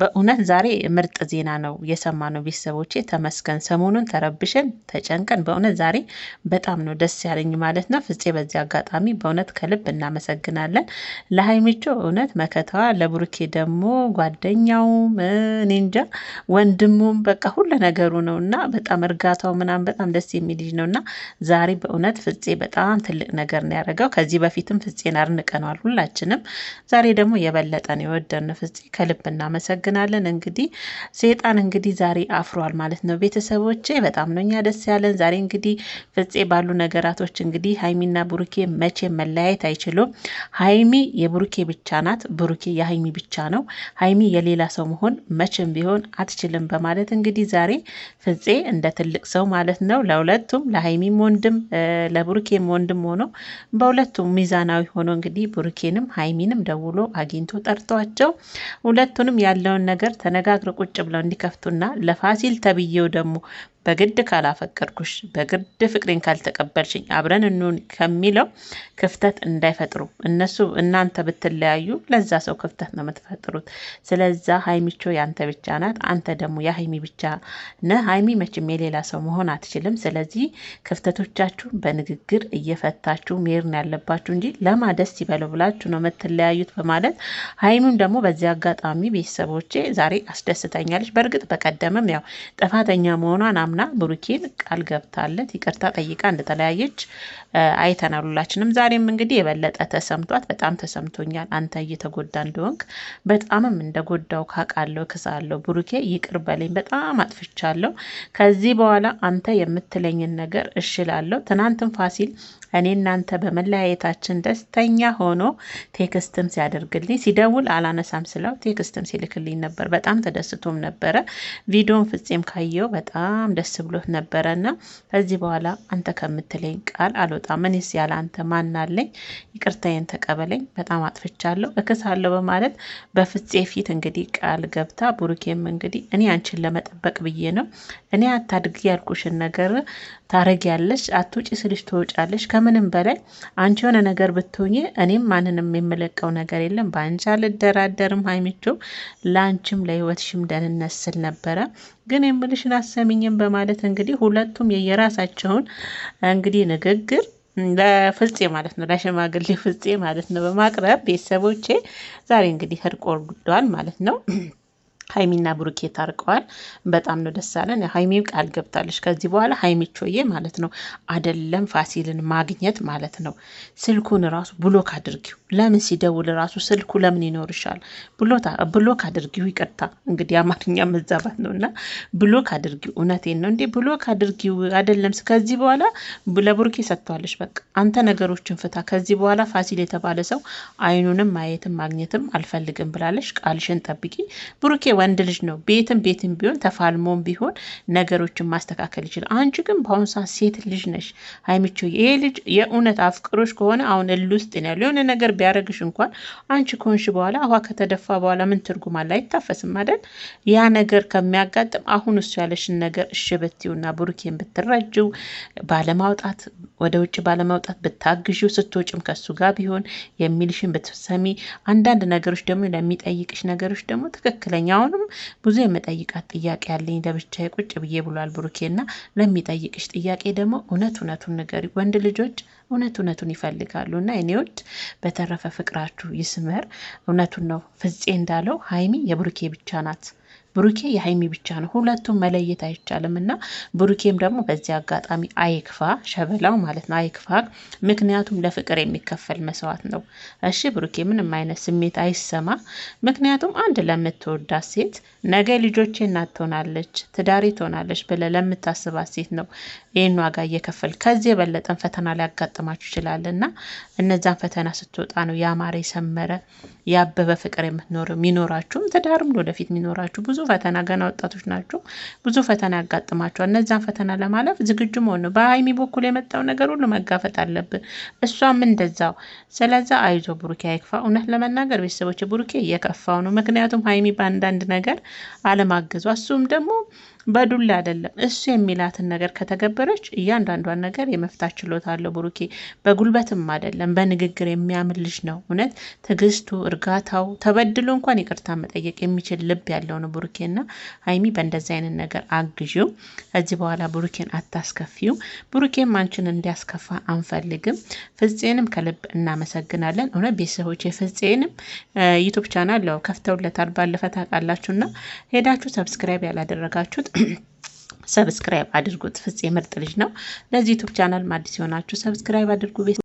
በእውነት ዛሬ ምርጥ ዜና ነው የሰማነው። ቤተሰቦች ተመስገን። ሰሞኑን ተረብሸን ተጨንቀን በእውነት ዛሬ በጣም ነው ደስ ያለኝ ማለት ነው። ፍፄ በዚህ አጋጣሚ በእውነት ከልብ እናመሰግናለን። ለሀይሚቾ እውነት መከታዋ፣ ለብሩኬ ደግሞ ጓደኛው እኔ እንጃ ወንድሙም በቃ ሁሉ ነገሩ ነው እና በጣም እርጋታው ምናምን በጣም ደስ የሚል ልጅ ነው እና ዛሬ በእውነት ፍፄ በጣም ትልቅ ነገር ነው ያደረገው። ከዚህ በፊትም ፍፄን አድንቀነዋል ሁላችንም። ዛሬ ደግሞ የበለጠ ነው የወደድነው። ፍፄ ከልብ እናመሰግ እናመሰግናለን። እንግዲህ ሴጣን እንግዲህ ዛሬ አፍሯል ማለት ነው። ቤተሰቦቼ በጣም ነው እኛ ደስ ያለን ዛሬ እንግዲህ ፍፄ ባሉ ነገራቶች እንግዲህ ሀይሚና ብሩኬ መቼ መለያየት አይችሉም። ሀይሚ የብሩኬ ብቻ ናት፣ ብሩኬ የሀይሚ ብቻ ነው። ሀይሚ የሌላ ሰው መሆን መቼም ቢሆን አትችልም በማለት እንግዲህ ዛሬ ፍፄ እንደ ትልቅ ሰው ማለት ነው ለሁለቱም ለሀይሚም ወንድም ለብሩኬም ወንድም ሆኖ በሁለቱም ሚዛናዊ ሆኖ እንግዲህ ብሩኬንም ሀይሚንም ደውሎ አግኝቶ ጠርቷቸው ሁለቱንም ያለ ያለውን ነገር ተነጋግረው ቁጭ ብለው እንዲከፍቱና ለፋሲል ተብዬው ደግሞ በግድ ካላፈቀድኩሽ፣ በግድ ፍቅሬን ካልተቀበልሽኝ አብረን እንሁን ከሚለው ክፍተት እንዳይፈጥሩ እነሱ እናንተ ብትለያዩ ለዛ ሰው ክፍተት ነው የምትፈጥሩት። ስለዛ ሀይሚቾ ያንተ ብቻ ናት፣ አንተ ደግሞ የሀይሚ ብቻ ነህ። ሀይሚ መቼም የሌላ ሰው መሆን አትችልም። ስለዚህ ክፍተቶቻችሁ በንግግር እየፈታችሁ መሄድ ነው ያለባችሁ እንጂ ለማደስ ይበለው ብላችሁ ነው የምትለያዩት በማለት ሀይሚም ደግሞ በዚህ አጋጣሚ ቤተሰቦቼ ዛሬ አስደስተኛለች። በእርግጥ በቀደምም ያው ጥፋተኛ መሆኗን አምና ብሩኬን ቃል ገብታለት ይቅርታ ጠይቃ እንደተለያየች አይተናል ሁላችንም። ዛሬም እንግዲህ የበለጠ ተሰምቷት በጣም ተሰምቶኛል፣ አንተ እየተጎዳ እንደሆንክ በጣምም እንደጎዳው ካቃለው ክሳለው፣ ብሩኬ ይቅር በለኝ፣ በጣም አጥፍቻለሁ። ከዚህ በኋላ አንተ የምትለኝን ነገር እሽላለሁ። ትናንትም ፋሲል እኔ እናንተ በመለያየታችን ደስተኛ ሆኖ ቴክስትም ሲያደርግልኝ ሲደውል አላነሳም ስለው ቴክስትም ሲልክልኝ ነበር። በጣም ተደስቶም ነበረ። ቪዲዮን ፍጼም ካየው በጣም ደስ ደስ ብሎት ነበረ እና ከዚህ በኋላ አንተ ከምትለኝ ቃል አልወጣም፣ እኔስ ያለ አንተ ማናለኝ? ይቅርታዬን ተቀበለኝ፣ በጣም አጥፍቻለሁ፣ እክሳለሁ በማለት በፍፄ ፊት እንግዲህ ቃል ገብታ ብሩኬም እንግዲህ እኔ አንቺን ለመጠበቅ ብዬ ነው እኔ አታድግ ያልኩሽን ነገር ታረጊያለሽ፣ አትውጪ ስልሽ ትወጫለሽ። ከምንም በላይ አንቺ የሆነ ነገር ብትሆኝ እኔም ማንንም የምለቀው ነገር የለም። በአንቺ አልደራደርም ሀይሚቾ ለአንቺም ለህይወትሽም ደህንነት ስል ነበረ ግን የምልሽን አሰሚኝም በማ ማለት እንግዲህ ሁለቱም የየራሳቸውን እንግዲህ ንግግር ለፍፄ ማለት ነው ለሽማግሌ ፍፄ ማለት ነው በማቅረብ ቤተሰቦቼ ዛሬ እንግዲህ እርቅ ወርዷል ማለት ነው። ሀይሚና ብሩኬ ታርቀዋል። በጣም ነው ደስ አለን። ሀይሚ ቃል ገብታለች። ከዚህ በኋላ ሀይሚቾዬ ማለት ነው አደለም ፋሲልን ማግኘት ማለት ነው። ስልኩን ራሱ ብሎክ አድርጊው። ለምን ሲደውል ራሱ ስልኩ ለምን ይኖርሻል? ብሎክ አድርጊው። ይቅርታ እንግዲህ አማርኛ መዛባት ነው እና ብሎክ አድርጊው። እውነቴን ነው እንዴ ብሎክ አድርጊው። አደለም ከዚህ በኋላ ለብሩኬ ሰጥተዋለች። በቃ አንተ ነገሮችን ፍታ። ከዚህ በኋላ ፋሲል የተባለ ሰው አይኑንም ማየትም ማግኘትም አልፈልግም ብላለች። ቃልሽን ጠብቂ ብሩኬ ወንድ ልጅ ነው። ቤትም ቤትም ቢሆን ተፋልሞም ቢሆን ነገሮችን ማስተካከል ይችላል። አንቺ ግን በአሁኑ ሰዓት ሴት ልጅ ነሽ ሀይሚቾ። ይሄ ልጅ የእውነት አፍቅሮች ከሆነ አሁን እል ውስጥ ነው የሆነ ነገር ቢያደርግሽ እንኳን አንቺ ከሆንሽ በኋላ ውሃ ከተደፋ በኋላ ምን ትርጉም አለ? አይታፈስም አይደል? ያ ነገር ከሚያጋጥም አሁን እሱ ያለሽን ነገር እሺ ብትይውና ብሩኬን ብትረጅው ባለማውጣት ወደ ውጭ ባለማውጣት ብታግዥው ስትወጭም ከሱ ጋር ቢሆን የሚልሽን ብትሰሚ አንዳንድ ነገሮች ደግሞ ለሚጠይቅሽ ነገሮች ደግሞ ትክክለኛው አሁንም ብዙ የመጠይቃት ጥያቄ ያለኝ ለብቻ ቁጭ ብዬ ብሏል ብሩኬ። እና ለሚጠይቅሽ ጥያቄ ደግሞ እውነት እውነቱን ንገሪ። ወንድ ልጆች እውነት እውነቱን ይፈልጋሉ እና እኔዎች በተረፈ ፍቅራችሁ ይስመር። እውነቱን ነው ፍፄ እንዳለው ሀይሚ የብሩኬ ብቻ ናት። ብሩኬ የሀይሚ ብቻ ነው። ሁለቱም መለየት አይቻልም እና ብሩኬም ደግሞ በዚህ አጋጣሚ አይክፋ፣ ሸበላው ማለት ነው አይክፋ። ምክንያቱም ለፍቅር የሚከፈል መስዋዕት ነው። እሺ ብሩኬ ምንም አይነት ስሜት አይሰማ። ምክንያቱም አንድ ለምትወዳት ሴት ነገ ልጆቼ እናት ትሆናለች፣ ትዳሬ ትሆናለች ብለህ ለምታስባት ሴት ነው ይህን ዋጋ እየከፈል ከዚህ የበለጠን ፈተና ሊያጋጥማችሁ ይችላል እና እነዛን ፈተና ስትወጣ ነው ያማረ የሰመረ ያበበ ፍቅር የምትኖረው የሚኖራችሁም ትዳርም ወደፊት የሚኖራችሁ ብዙ ፈተና ገና ወጣቶች ናቸው። ብዙ ፈተና ያጋጥማቸዋል። እነዛን ፈተና ለማለፍ ዝግጁ መሆን ነው። በሀይሚ በኩል የመጣው ነገር ሁሉ መጋፈጥ አለብን። እሷም እንደዛው። ስለዛ አይዞ ብሩኬ አይክፋ። እውነት ለመናገር ቤተሰቦች ብሩኬ እየከፋው ነው። ምክንያቱም ሀይሚ በአንዳንድ ነገር አለማገዟ እሱም ደግሞ በዱላ አይደለም። እሱ የሚላትን ነገር ከተገበረች እያንዳንዷን ነገር የመፍታት ችሎታ አለው ብሩኬ። በጉልበትም አይደለም በንግግር የሚያምን ልጅ ነው። እውነት ትዕግስቱ፣ እርጋታው ተበድሎ እንኳን ይቅርታ መጠየቅ የሚችል ልብ ያለው ነው ብሩኬ እና ሀይሚ በእንደዚ አይነት ነገር አግዢው። ከዚህ በኋላ ብሩኬን አታስከፊው። ብሩኬም አንቺን እንዲያስከፋ አንፈልግም። ፍፄንም ከልብ እናመሰግናለን። እውነት ቤተሰቦች የፍፄንም ዩቱብ ቻናል ከፍተውለታል ባለፈ ታውቃላችሁና ሄዳችሁ ሰብስክራይብ ያላደረጋችሁት ሰብስክራይብ አድርጉት። ፍፄ ምርጥ ልጅ ነው። ለዚህ ዩቱብ ቻናል አዲስ የሆናችሁ ሰብስክራይብ አድርጉ።